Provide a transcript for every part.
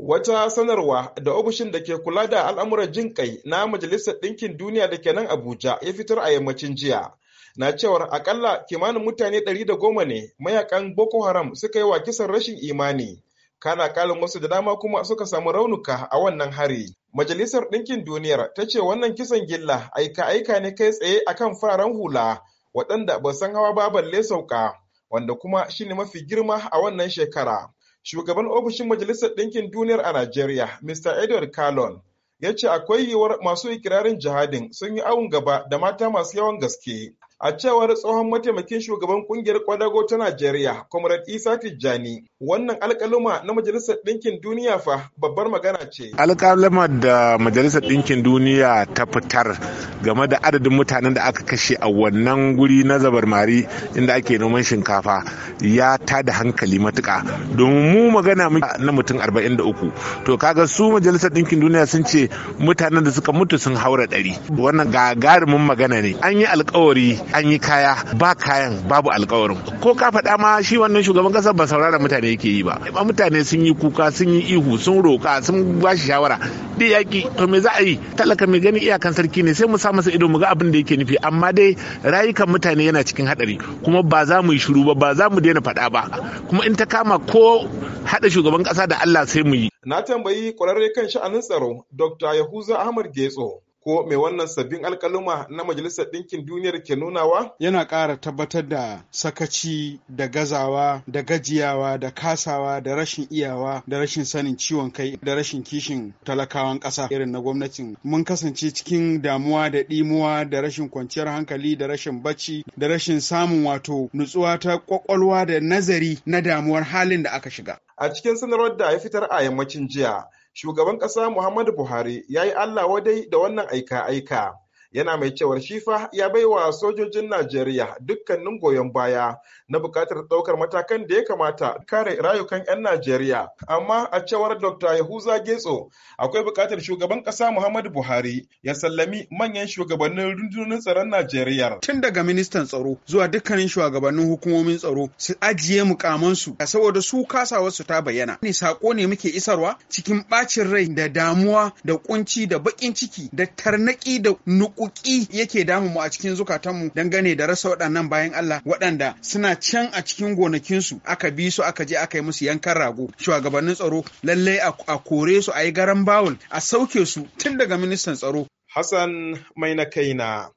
Wata sanarwa da ofishin da ke kula da al'amuran jin kai na Majalisar Ɗinkin Duniya da ke nan Abuja ya fitar a yammacin jiya. Na cewar akalla kimanin mutane ɗari da goma ne mayakan Boko Haram suka yi wa kisan rashin imani. Kana kalin wasu da dama kuma suka samu raunuka a wannan hari. Majalisar Ɗinkin Duniyar ta ce wannan kisan gilla aika-aika ne kai tsaye akan fararen hula waɗanda ba san hawa ba balle sauka, wanda kuma shine mafi girma a wannan shekara. Shugaban ofishin Majalisar Ɗinkin Duniyar a Najeriya, Mr. Edward Kalon, ya ce akwai yiwuwar masu ikirarin jihadin sun yi awon gaba da mata masu yawan gaske A cewar tsohon mataimakin shugaban kungiyar kwadago ta Najeriya, Comrade Isa Tijjani, wannan alkaluma na Majalisar Ɗinkin Duniya fa babbar magana ce. Alkaluma da Majalisar Ɗinkin Duniya ta fitar game da adadin mutanen da aka kashe a wannan guri na zabarmari inda ake noman shinkafa ya ta da hankali matuka domin mu magana na mutum 43 to kaga su majalisar ɗinkin duniya sun ce mutanen da suka mutu sun haura ɗari wannan gagarumin magana ne an yi alkawari an yi kaya ba kayan babu alkawarin ko ka faɗa ma shi wannan shugaban ƙasa ba saurara mutane yake yi ba mutane sun yi kuka sun yi ihu sun roka sun ba shi shawara da yaki to me za a yi talaka mai gani iyakan sarki ne sai mu sa masa ido mu ga abin da yake nufi amma dai rayukan mutane yana cikin hadari kuma ba za mu yi shiru ba ba za mu daina faɗa ba kuma in ta kama ko haɗa shugaban ƙasa da Allah sai mu yi na tambayi kwararre kan sha'anin tsaro Dr. Yahuza Ahmad Getso ko mai wannan sabbin alkaluma na majalisar ɗinkin duniyar ke nunawa? Yana ƙara tabbatar da sakaci da gazawa da gajiyawa da kasawa da rashin iyawa da rashin sanin ciwon kai da rashin kishin talakawan ƙasa irin na gwamnatin. Mun kasance cikin damuwa da ɗimuwa da rashin kwanciyar hankali da rashin bacci da rashin samun wato nutsuwa ta ƙwaƙwalwa da nazari na damuwar halin da aka shiga. A cikin sanarwar da ya fitar a yammacin jiya, shugaban ƙasa Muhammadu Buhari ya yi Allah wadai da wannan aika-aika. yana mai cewar shi fa ya baiwa sojojin Najeriya dukkanin goyon baya na bukatar ɗaukar matakan da ya kamata kare rayukan 'yan Najeriya. Amma a cewar Dr. Yahuza Getso akwai bukatar shugaban ƙasa Muhammadu Buhari ya sallami manyan shugabannin rundunonin tsaron Najeriya. Tun daga ministan tsaro zuwa dukkanin shugabannin hukumomin tsaro su ajiye mukamansu saboda su kasawarsu ta bayyana. Ne sako ne muke isarwa cikin ɓacin rai da damuwa da kunci da baƙin ciki da tarnaƙi da nuk kuki yake damu mu a cikin zukatanmu dangane da rasa waɗannan bayan Allah waɗanda suna can a cikin gonakinsu aka bi su aka je aka yi musu yankan rago shugabannin tsaro lallai a kore su a yi garan bawul a sauke su tun daga ministan tsaro. Hassan mai na kaina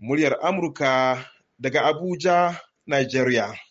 muryar Amurka daga Abuja, Nigeria.